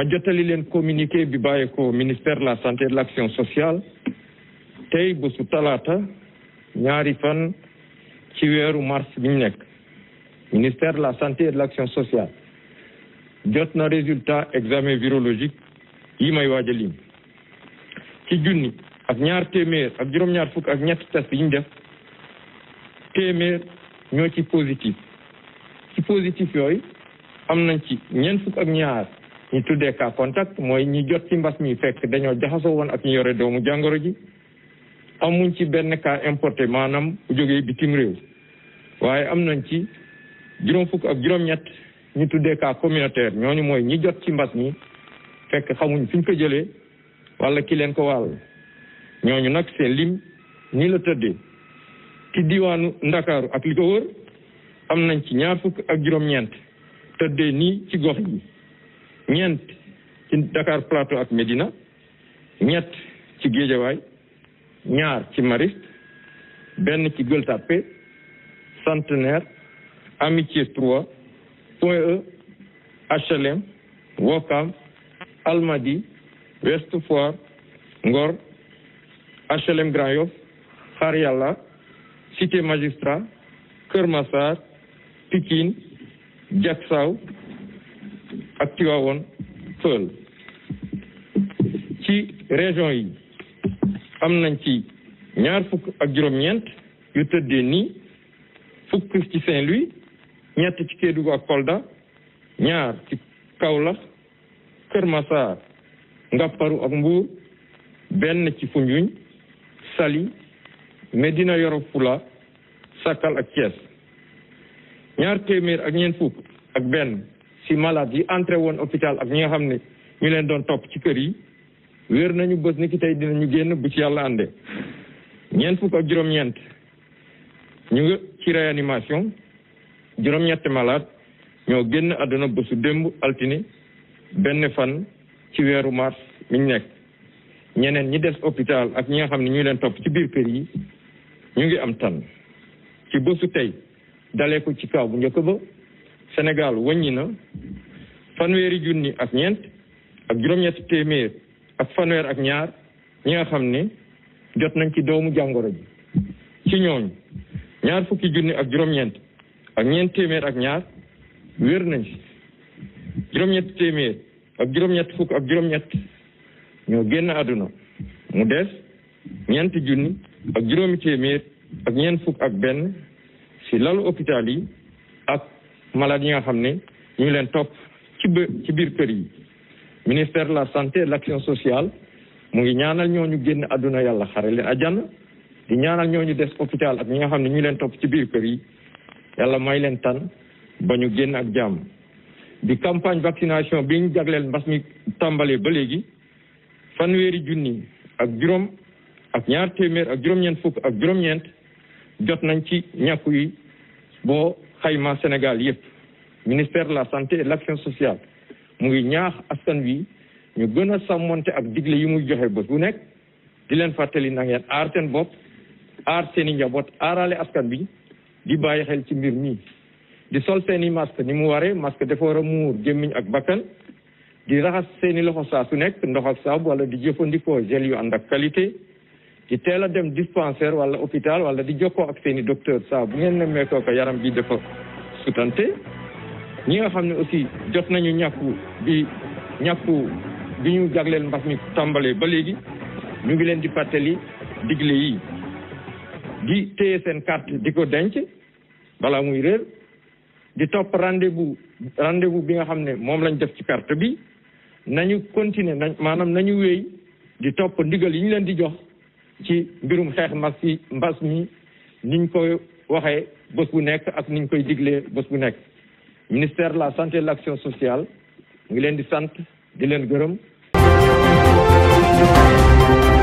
ma jottali leen communiquer bi bàyyi ko ministère de la santé et de l'action sociale tey bésu talaata ñaari fan ci weeru mars bi nekk ministère de la santé et de l'action sociale jot na résultat examen virologique yi may waaj a lim ci junni ak ñaar téeméer ak juróom-ñaar fukk ak ñetti test yi ñu téeméer ñoo ci positif ci positif yooyu am nañ ci ñeent fukk ak ñaar ñu tuddee cas contact mooy ñi jot ci mbas mi fekk dañoo jaxasoo woon ak ñu yore doomu jàngoro ji amuñ ci benn cas importé maanaam bu jógee bitim réew waaye am nañ ci juróom fukk ak juróom-ñett ñu tuddee cas communautaire ñooñu mooy ñi jot ci mbas mi fekk xamuñ fi ñu ko jëlee wala ki leen ko wàll ñooñu nag seen lim ñi la tëddee ci diwaanu Ndakaaru ak li ko wër am nañ ci ñaar fukk ak juróom-ñeent tëddee nii ci gox yi ñeent ci Dakar Plateau ak Médina ñett ci Géejawaay ñaar ci Mariste benn ci Gueule Centenaire Amitié 3 Point E HLM Ouakam Almadies Ouest Ngor HLM Grand Yoff Xaar Yàlla Cité Magistrat Kër Massar Pikine ak Tivaouane Peul ci région yi am nañ ci ñaar fukk ak juróom-ñeent yu tëddee nii fukk ci Saint-Louis ñett ci Kédougou ak Kolda ñaar ci Kaolack Kër Massar Ngapparu ak Mbour benn ci Foundiougne Saly Médina Yoro Fula Sakal ak Thiès ñaar téeméer ak ñeent fukk ak benn ci malade yi entrée woon hôpital ak ñi nga xam ne ñu leen doon topp ci kër yi wéer nañu bés ni ki tey dinañu génn bu ci yàlla àndee ñeent fukk ak juróom-ñeent ñu ngi ci réanimation juróom-ñetti malade ñoo génn àdduna bësu démb altine benn fan ci weeru mars mi nekk ñeneen ñi des hôpital ak ñi xam ne ñu leen topp ci biir kër yi ñu ngi am tan ci bësu tey dalee ko ci kaw bu njëkk ba Sénégal wàññi na fanweeri junni ak ñeent ak juróom-ñetti téeméer ak fanweer ak ñaar ñi nga xam ne jot nañ ci doomu jàngoro ji ci ñooñu ñaar fukki junni ak juróom-ñeent ak ñeent téeméer ak ñaar wér nañ ci juróom-ñetti téeméer ak juróom-ñett fukk ak juróom-ñett ñoo génn àdduna mu des ñeenti junni ak juróomi téeméer ak ñeent fukk ak benn ci lalu hôpital yi ak malade yi nga xam ne ñu ngi leen topp ci ci biir kër yi ministère de la santé de l'action sociale mu ngi ñaanal ñu génn àdduna yàlla xare leen jan di ñaanal ñu des hôpital ak ñi nga xam ne ñu leen topp ci biir kër yi yàlla may leen tan ba ñu génn ak jàmm di campagne vaccination bi ñu jagleel mbas mi tàmbalee ba léegi fanweeri junni ak juróom ak ñaar téeméer ak juróom-ñeent fukk ak juróom-ñeent jot nañ ci ñàkku yi boo xayma Sénégal yëpp ministère de la santé et de l'action sociale mu ngi ñaax askan bi ñu gën a sàmmonte ak digle yi muy joxe bët bu nekk di leen fàttali na ngeen aar seen bopp aar seen i njaboot aarale askan bi di bàyyi xel ci mbir mi di sol seeni i masque ni mu waree masque dafa war a muur gémmiñ ak bakkan di raxas seeni loxo saa su nekk ndox ak saabu wala di jëfandikoo gel yu ànd ak qualité ci teel a dem dispensaire wala hôpital wala di jokkoo ak seeni i docteur saa bu ngeen nemmeekoo ko yaram bi dafa sutante ñi nga xam ne aussi jot nañu ñàkku bi ñàkku bi ñu jagleel mbas mi tàmbalee ba léegi ñu ngi leen di fàttali digle yi di téye seen carte di ko denc balaa muy réer di topp rendez-vous rendez-vous bi nga xam ne moom lañ def ci carte bi nañu continuer nañ maanaam nañu wéy di topp ndigal yi ñu leen di jox ci mbirum xeex mbas yi mbas mi niñ koy waxee bés bu nekk ak niñ koy diglee bés bu nekk ministère la santé et de l'action sociale ngi leen di sant di leen gërëm